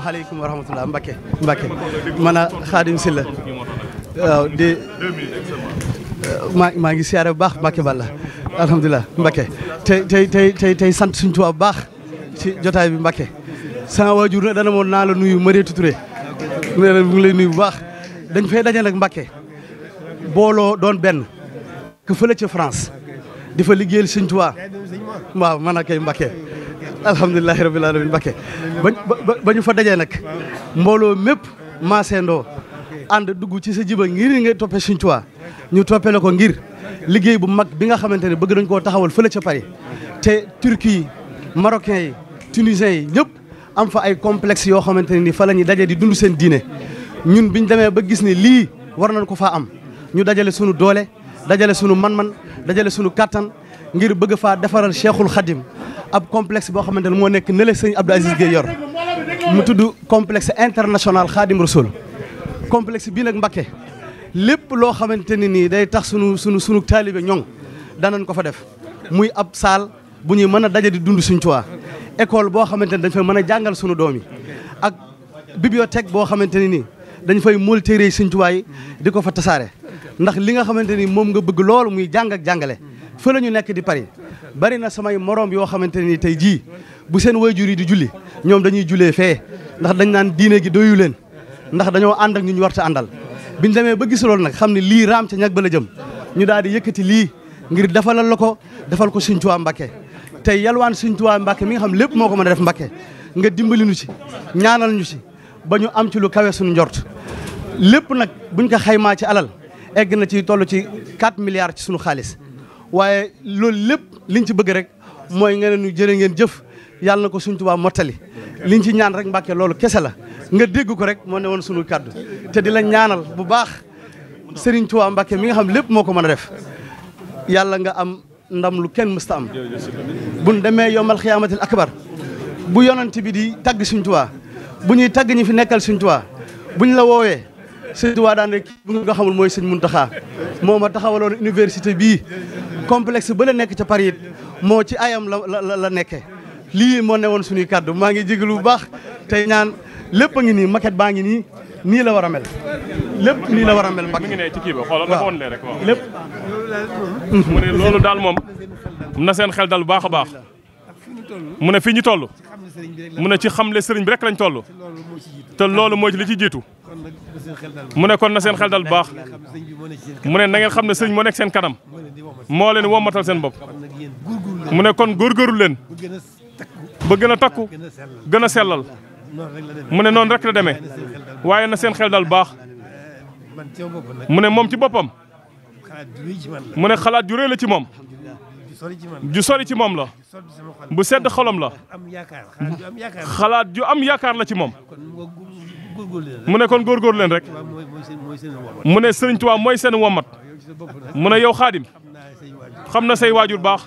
asalaamaaleykum wa rahmatulah Mbacke Mbacke man a waaw di maa ngi siyaare bu baax Mbacke bala alhamdulilah Mbacke tey tey tey tey sant suñu Tuubaa baax ci jotaay bi Mbacke sama waajur na dana moon naa la nuyu Mariétou Touré na mu ngi lay nuyu bu baax dañ fay daje nag booloo doon benn ku fële ca France di fa liggéeyal suñu Tuubaa waaw man kay Mbacke alhamdulilahi rabil alamin Mbakke ba ba ba ñu fa dajee nag mbooloo mépp maaseendoo ànd dugg ci sa jiba ngir nga toppe Sëñ Tuubaa ñu toppe la ko ngir liggéey bu mag bi nga xamante ne bëgg nañ koo taxawal fële ca Paris te Turquie yi marocains yi tunisiens yi ñëpp am fa ay complexe yoo xamante ne ni fa la ñuy daje di dund seen diine ñun biñ demee ba gis ni lii war nañ ko faa am ñu dajale sunu doole dajale sunu man-man dajale sunu kattan ngir bëgg faa defaral Cheikhul Khadim ab complexe bo xamantene mo nek nele seigne Abdou Aziz Gueye yor mu tuddu complexe international Khadim Rasoul complexe bi nak Mbacké lepp lo xamanteni ni day tax sunu sunu sunu taalibe ñoŋ danañ ko fa def muy ab saal bu ñuy mëna a di dund suñu Tuubaa école bo xamanteni dañ fay mëna a sunu ak bibliothèque bo xamanteni ni dañ fay mool suñu yi yi diko fa tassaré ndax li nga xamanteni mom nga bëgg lool muy jang ak fa la ñu di Paris bari na samay morom yoo xamante ni tey busen bu seen di julli ñom dañuy julé fé ndax dañ nan doyulen, gi doyu len ndax dañoo and ak ñu ñu war ta àndal biñ ba gis lool nak xamni li ram ci ñak jëm ñu daal di yëkëti li ngir dafalal la dafal defal ko seigne touba mbacké tay yalwaan seigne touba mbacké mi nga xam lepp moko mëna def mbacké nga dimbali ñu ci ñaanal ñu ci ba am ci lu kawé suñu njort lepp nak buñ ko xayma ci alal egg na ci tollu ci 4 milliards ci suñu xaaliss waaye loolu lépp liñ ci bëgg rek mooy nga ne nu jërë ngeen jëf yàlla na ko suñ tubaab mottali liñ ci ñaan rek mbàkke loolu kese la nga dégg ko rek moo ne won suñu kàddu te di la ñaanal bu baax Serigne Touba Mbàkke mi nga xam lépp moo ko mën a def yàlla nga am ndam lu kenn mësta am buñ demee yomal xiyaamatil akbar bu yonent bi di tagg suñ Touba bu ñuy tagg ñi fi nekkal suñ Touba buñ la woowee suñ Touba daan rek bu nga xamul mooy sëñ Muntaxa moo ma taxawaloon université bii complexe ba la nekk ca Paris it moo ci ayam la la la nekkee lii moo ne woon suñuy kàddu maa ngi jégalu bu baax tey ñaan lépp a ngi nii maquette baa ngi nii nii la war a mel lépp nii la war a mel. mi ngi ne ci kii ba xoolal dafa woon lépp. mu ne loolu daal moom na seen xel dal bu baax a baax. mu ne fii ñu toll. mu ne ci xamle sëriñ bi rek lañ toll. te loolu moo ci li ci jiitu. mu ne kon na seen xel dal bax baax mu ne na ngeen xamne seigne mo nek seen kanam moo leen wommatal seen bop mu ne kon góorgóorlu leen ba gën a takku gën selal sellal mu ne noonu rek la deme waye na seen xel dal bax baax mu ne moom ci bopam mu ne xalaat ju reele ci mom ju sori ci mom la bu sedd xolam la xalaat ju am yaakaar la ci mom mune kon gor gor len rek mune Serigne Touba moy sen womat mune yow khadim xamna na say waajur baax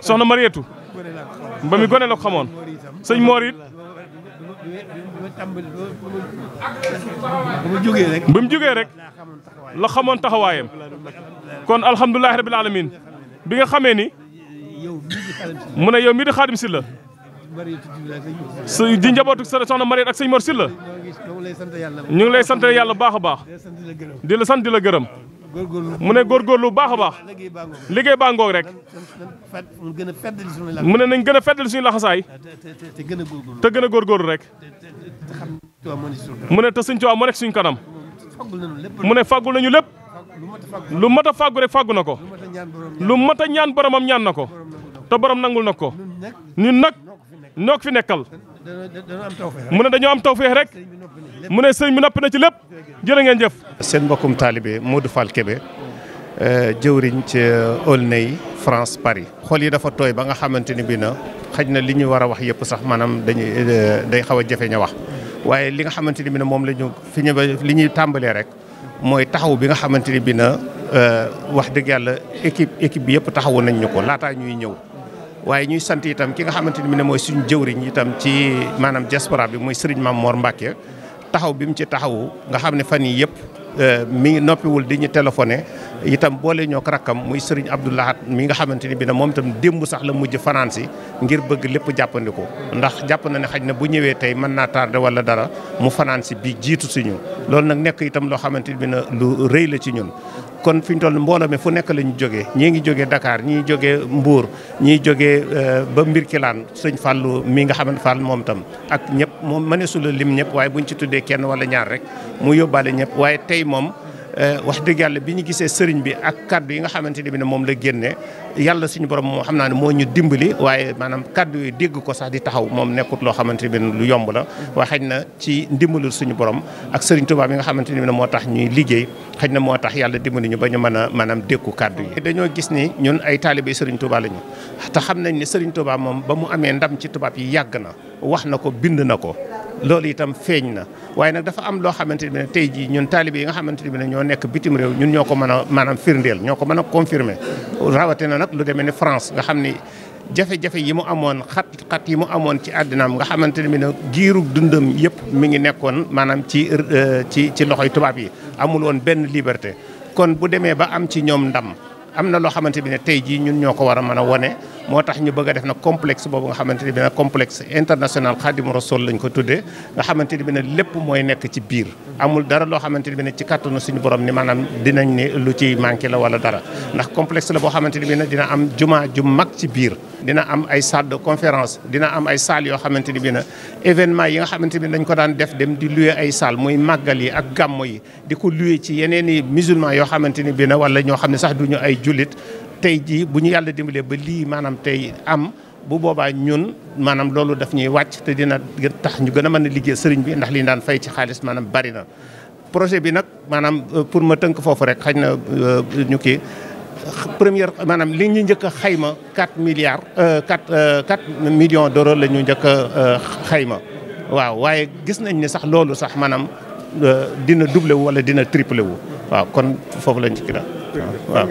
soxna Marietou ba gone la xamone serigne sëñ bam it rek la xamone taxawayam kon alhamdulilahi rabbil alamin bi nga xamé ni mune yow mii di xaadim si sëñ di njabootu soxna Mariette ak sëñ Mor Sylla ñu ngi lay sant yàlla baax a baax di la sant di la gërëm mu ne góor bu baax a baax liggéey baa ngoog rek mu ne nañ gën a feddali suñu laxasaay te gën a góorgóorlu rek mu ne te sëñ Tuubaa moo nekk suñu kanam mu ne fàggul nañu lépp lu mat a fàggu rek fàggu na ko lu mat ñaan boromam ñaan na ko te borom nangul na ko ñun nag noo fi nekkal mu ne dañoo am tawfeex rek mu ne sëñ bi noppi na ci lépp jërë ngeen jëf seen mbokkum taalibe Modou Fall Kébé euh, jëwriñ ci euh, Aulnay France Paris xol yi dafa tooy ba nga xamante ni bi na xaj na li ñuy war a wax yëpp sax maanaam dañuy euh, day xaw a jafe ña wax waaye li nga xamante ni bi na moom la ñu fi ñu li ñuy tàmbalee rek mooy taxaw bi nga xamante ni bi na wax dëgg yàlla équipe équipe bi yëpp taxawu nañ ñu ko laataa ñuy ñëw waaye ñuy sant itam ki nga xamante ni ne mooy suñu jëwriñ itam ci maanaam diaspora bi muy Serigne Mame Mor Mbacke taxaw bi mu ci taxawu nga xam ne fan yii yëpp euh, mi ngi noppiwul di ñu téléphoné itam boole ñoo rakkam muy Serigne Abdoulahat mi nga xamante ni bi na moom itam démb sax la mujj fanaansi ngir bëgg lépp jàppandiku ndax jàpp na ne xaj na bu ñëwee tey mën naa tardé wala dara mu fanaan si bi jiitu si ñun loolu nag nekk itam loo xamante ni bi ne rëy la ci ñun kon fi ñu toll mbooloo mi fu nekk la ñu jógee ñii ngi jógee Dakar ñii jógee Mbour ñii jógee eh, ba mbir kilaan sëñ Fallou mi nga xamante Fall moom tam ak ñëpp moom mëneesu lim ñëpp waaye buñ ci tuddee kenn wala ñaar rek mu yóbbaale ñëpp waaye tey moom Eh, wax dëgg yàlla bi ñu gisee sëriñ bi ak kàddu yi nga xamante ne bi na moom la génne yàlla suñu borom moo xam naa ne moo ñu dimbali waaye maanaam kaddu yi dégg ko sax di taxaw moom nekkut loo xamante ne bi lu yomb la waaye xëy na ci ndimbalul suñu borom ak sëriñ Tuubaa bi nga xamante ne bi ne moo tax ñuy liggéey xëy na moo tax yàlla dimbali ñu ba ñu mën a maanaam déggu kaddu yi dañoo gis ni ñun ay taalibé sëriñ Tuubaa la ñu te xam nañ ne sëriñ Tuubaa moom ba mu amee ndam ci tubaab yi yàgg na wax na ko bind na ko loolu itam feeñ na waaye nag dafa am loo xamante ne tey jii ñun taalibe yi nga xamante ne ñoo nekk bitim réew ñun ñoo ko mën a maanaam firndeel ñoo ko mën a confirmer rawatina nag lu demee ne France nga xam ni jafe yi mu amoon xat yi mu amoon ci àddinaam nga xamante ne bi ne giirug dundam yëpp mi ngi nekkoon maanaam ci euh, ci ci loxoy tubaab yi amul woon benn liberté kon bu demee ba am ci ñoom ndam am na loo xamante bi ne tey jii ñun ñoo ko war a mën a wone moo tax ñu bëgg def na complexe boobu nga xamante ni bi nag complexe international Xaadimu Rasuul lañ ko tuddee nga xamante ni bi nag lépp mooy nekk ci biir amul dara loo xamante ni bi nag ci kàttanu suñu borom ni maanaam dinañ ne lu ci manqué la wala dara ndax complexe la boo xamante ni bi nag dina am jumaa ju mag ci biir dina am ay salle de conférence dina am ay salles yoo xamante ni bi nag événement yi nga xamante ni dañ ko daan def dem di louer ay salles muy màggal yi ak gàmmo yi di ko louer ci yeneen i musulman yoo xamante ni bi nag wala ñoo xam ne sax duñu ay jullit tey jii bu ñu yàlla dimbalee ba lii maanaam tey am bu boobaa ñun maanaam loolu daf ñuy wàcc te dina tax ñu gën a mën a liggéey sëriñ bi ndax lii ñu daan fay ci xaalis maanaam bari na. projet bi nag maanaam euh, pour ma tënk foofu rek xaj na euh, ñu kii première maanaam li ñu njëkk a xayma 4 milliards 4 euh, 4 millions d'euros la ñu njëkk xayma. waaw waaye gis nañ ni sax loolu sax maanaam dina doublé wu wala dina triplé wu waaw kon foofu lañ ci kii waaw waaw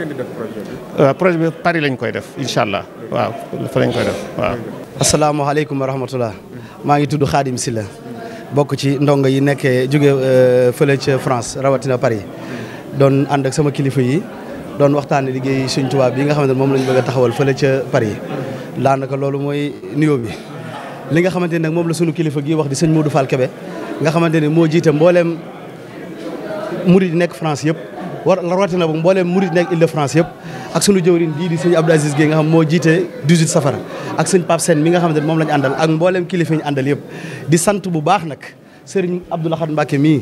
euh, projet bi Paris lañ koy def incha allah waaw fa lañ koy def waaw. asalaamaaleykum wa rahmatulah. maa ngi tudd Khadim Sylla bokk ci ndongo yi nekkee jóge euh, fële ca France rawatina Paris doon ànd ak sama kilifa yi doon waxtaanee liggéey Sëñ Tuubaa bi nga xamante ne moom lañ bëgg a taxawal fële ca Paris. daanaka loolu mooy nuyoo bi li nga xamante ne nag moom la sunu kilifa gi wax di sëñ Modou Fall Kébé nga xamante ne moo jiite mbooleem murid di nekk France yëpp. war rawatina boog mbooleem murit nekk Île-de-France yëpp ak sunu jëwriñ bii di sëñ Abdou Aziz Guèye nga xam moo jiite 18 safara ak sëñ Pape Sène mi nga xam ne moom lañu àndal ak mbooleem kilifa ñu àndal yëpp di sant bu baax nag sëriñ Abdou xam Mbacké mii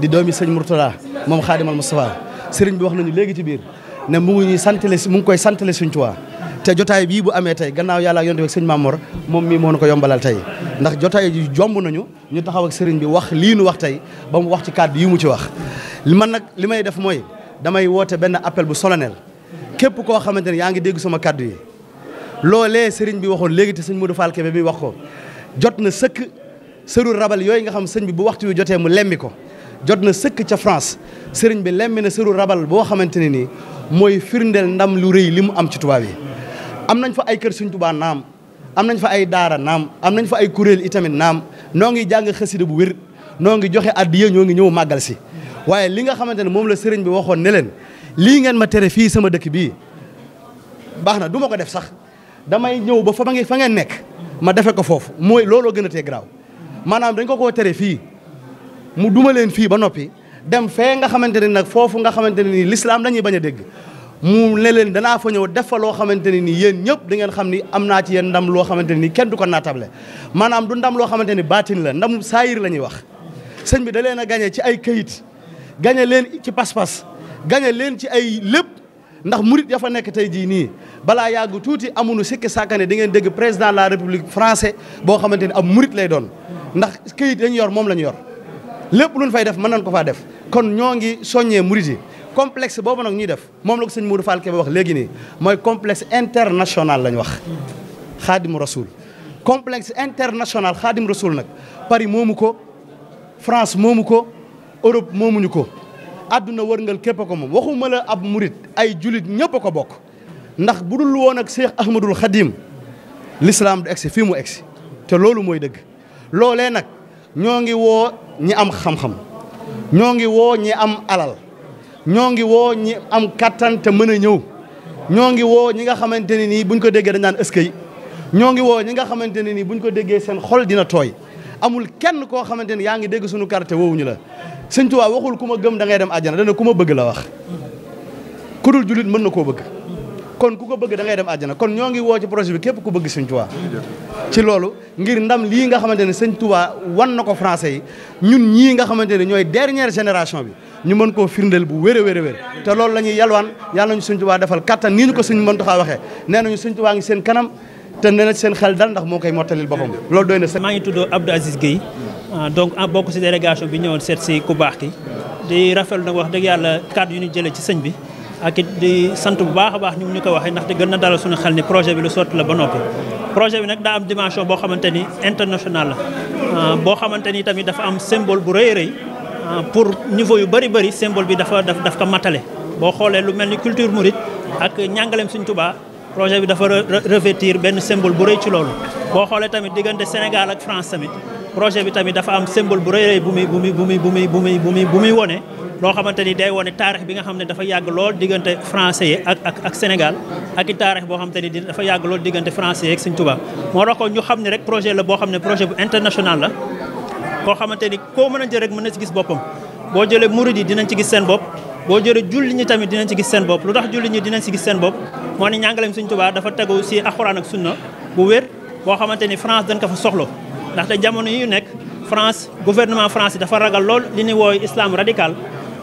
di doomi sëñ Mourtada moom Xaadimal Moustapha sëriñ bi wax nañu léegi ci biir ne mu ngi ñuy santale mu ngi koy santale suñ Tuubaa te jotaay bii bu amee tey gannaaw yàlla ak yonte sëñ Mamor moom mii moo nu ko yombalal tey ndax jotaay jomb nañu ñu taxaw ak sëriñ bi wax lii nu wax tey ba mu wax ci kàddu yi mu ci wax li man nag li may def mooy damay woote benn appel bu solennel képp koo xamante ne yaa ngi dégg sama kàddu yi loolee sëriñ bi waxoon léegi te sëñ Modou Fall Kébé mi wax ko jot na sëkk sëru rabal yooyu nga xam sëñ bi bu waxtu yu jotee mu lemmi ko jot na sëkk ca France sëriñ bi lemmi na sëru rabal boo xamante ne nii mooy firndeel ndam lu rëy li mu am ci tubaab yi am nañ fa ay kër sëñ Tuubaa naam am nañ fa ay daara naam am nañ fa ay kuréel itamit naam noo ngi jàng xasida bu noo ngi joxe addiya ñoo ngi ñëw màggal si waaye li nga xamante ne moom la sëriñ bi waxoon ne leen lii ngeen ma tere fii sama dëkk bii baax na du ma ko def sax damay ñëw ba fa ma ngi fa ngeen nekk ma defe ko foofu mooy looloo gën a tee maanaam dañ ko koo tere fii mu duma leen fii ba noppi dem fee nga xamante ne nag foofu nga xamante ne nii lislaam lañuy bañ a dégg mu ne danaa fa ñëw def fa loo xamante ne nii yéen ñëpp da ngeen xam ni am naa ci yéen ndam loo xamante ni kenn du ko naatable maanaam du ndam loo xamante ni baatin la ndam saayir la ñuy wax sëñ bi da leen a ci ay kayit gañe leen ci pas-pas gañe leen ci ay lépp ndax murit ya fa nekk tey jii nii balaa yàgg tuuti amuñu sikki sàkkane di ngeen dégg président la république français boo xamante ni ab murit lay doon ndax kayit lañ yor moom la ñu yor lépp luñ fay def mën nañ ko faa def kon ñoo ngi soññee murit yi complexe boobu nag ñuy def moom la ko sëñ Modou Fall Kébé wax léegi nii mooy complexe international lañ wax xaadimu rasul complexe international xaadim rasul nag Paris moomu ko France moomu ko Europe moomuñu ko àdduna wërngal képp a ko moom waxuma la ab murit ay julit ñëpp ko bokk ndax bu dul woon ak Cheikh Ahmadul Khadim l'islam du egsi fii mu egsi te loolu mooy dëgg loolee nag ñoo ngi woo ñi am xam-xam ñoo ngi woo ñi am alal ñoo ngi woo ñi am kattan te mën a ñëw ñoo ngi woo ñi nga xamante ne nii buñ ko déggee dañ naan ëskay ñoo ngi woo ñi nga xamante ne nii bu buñ ko déggee seen xol dina tooy amul kenn koo xamante ni yaa ngi dégg suñu karte woowuñu la sëñ Tuubaa waxul ku ma gëm da ngay dem àjjana dana ku ma bëgg la wax ku dul jullit mën na koo bëgg kon ku ko bëgg da ngay dem àjjana kon ñoo ngi woo ci projet bi képp ku bëgg sëñ Tuubaa ci loolu ngir ndam lii nga xamante ne sëñ Tuubaa wan na ko france yi ñun ñii nga xamante ne ñooy dernière génération bi ñu mën koo firndeel bu wér a wér te lool la ñuy yalwaan yàlla nañu sëñ Tuubaa defal kattan nii ñu ko sëñ Muntaxa waxee nee nañu sëñ Tuubaa ngi seen kanam te nee seen xel dal ndax moo koy mottalil boppam loolu doy maa ngi tudd Abdou Aziz Guèye ah, donc ah, bokk si bi ñëwoon seet si ku baax ki di rafetlu nag wax dëgg yàlla kàddu yu ñu jëlee ci sëñ bi ak it di sant bu baax a baax ñu ñu ko waxee ndaxte gën na dalal suñu xel ni projet bi lu sotti la ba noppi. projet bi nag daa am dimension boo xamante ni international la ah, boo xamante ni tamit dafa am symbole bu rëy rëy pour niveau yu bëri bëri symbole bi dafa daf daf ko matale boo xoolee lu mel ni culture mouride ak ñàngaleem suñ Tuubaa projet bi dafa revêtir benn symbole bu rëy ci loolu boo xoolee tamit diggante Sénégal ak France tamit projet bi tamit dafa am symbole bu rëy rëy bu muy bu muy bu muy bu muy bu muy bu muy bu muy wone loo xamante ni day wone taarix bi nga xam ne dafa yàgg lool diggante français yi ak ak ak Sénégal ak i taarix boo xamante ni dafa yàgg lool diggante français yi ak Sëñ Tuubaa moo tax ko ñu xam ne rek projet la boo xam ne projet bu international la koo xamante ni koo mën a jël rek mën na ci gis boppam boo jëlee murid yi dinañ ci gis seen bopp boo jëlee julli ñi tamit dinañ ci gis seen bopp lu tax julli ñi dinañ ci gis seen bopp moo ne ñàngaleem Sëriñ Tuubaa dafa tegu ci alxuraan ak sunna bu wér boo xamante ni France dañ ko fa soxla ndaxte jamono yi ñu nekk France gouvernement France dafa ragal lool li ñuy wooy islam radical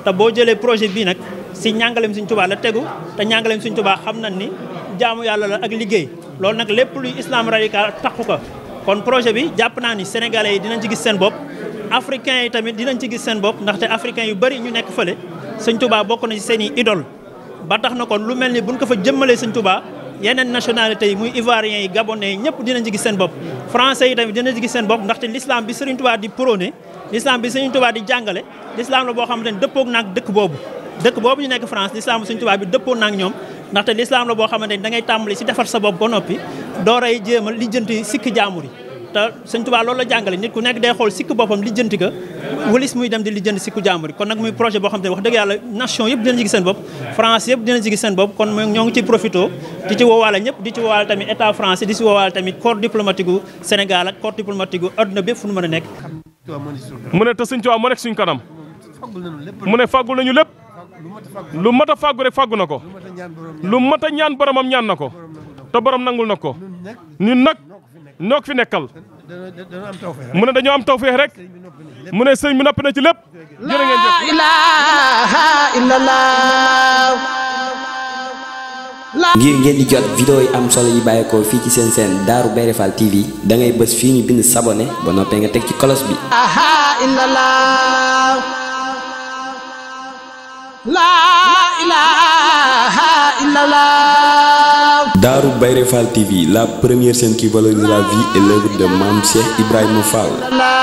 te boo jëlee projet bii nag ci ñàngaleem Sëriñ Tuubaa la tegu te ñàngaleem Sëriñ Tuubaa xam nañ ni jaamu yàlla la ak liggéey loolu nag lépp luy islam radical taxu ko kon projet bi jàpp naa ni sénégalais yi dinañ ci gis seen bopp africains yi tamit dinañ ci gis seen bopp ndaxte africains yu bari ñu nekk fële sëñ Touba bokk na ci seen i idole ba tax na kon lu mel ni buñ ko fa jëmmalee sëñ Touba yeneen nationalité yi muy ivoiriens yi gabonais yi ñëpp dinañ ci gis seen bopp français yi tamit dinañ ci seen bopp ndaxte l'islam bi sëriñ Touba di prôné l'islam bi sëriñ Touba di jàngale l'islam la boo xamante ne dëppoog naag dëkk boobu dëkk boobu ñu nekk France l'islam sëriñ Touba bi dëppoo naag ñoom ndaxte l'islam la boo xamante ne da ngay tàmbali ci defar sa bopp ba noppi dooray jéemal lijjanti sikk jaamur yi te sëñ Tuubaa loolu la jàngale nit ku nekk day xool sikk boppam lijjanti wëlis muy dem di lijjanti sikku jàmbur kon nag muy projet boo xam ne wax dëgg yàlla nation yëpp dinañ ci seen bopp France yëpp dinañ ci seen bopp kon ñoo ngi ci profito di ci woowaale ñëpp di ci woowaale tamit état français di ci woowaale tamit corps diplomatique gu Sénégal ak corps diplomatique gu fu nu mën a nekk mu ne te sëñ Tuubaa moo nekk suñ kanam mu ne fàggul a fàggu rek a noo fi nekkal. mu ne dañoo am tawfeex rek. mu ne sëñ bi noppi na ci lépp. jërë ngeen jëf. ngir ngeen di jot vidéo yi am solo yi bàyyeekoo fii ci seen seen Darou Bairé Fall TV da ngay bës fii ñu bind sabonné ba noppee nga teg ci kolos bi. la ilaha daaru Darou Bayrefal TV, la première scène qui valorise la vie et l'œuvre de Mamsier Ibrahim Fall.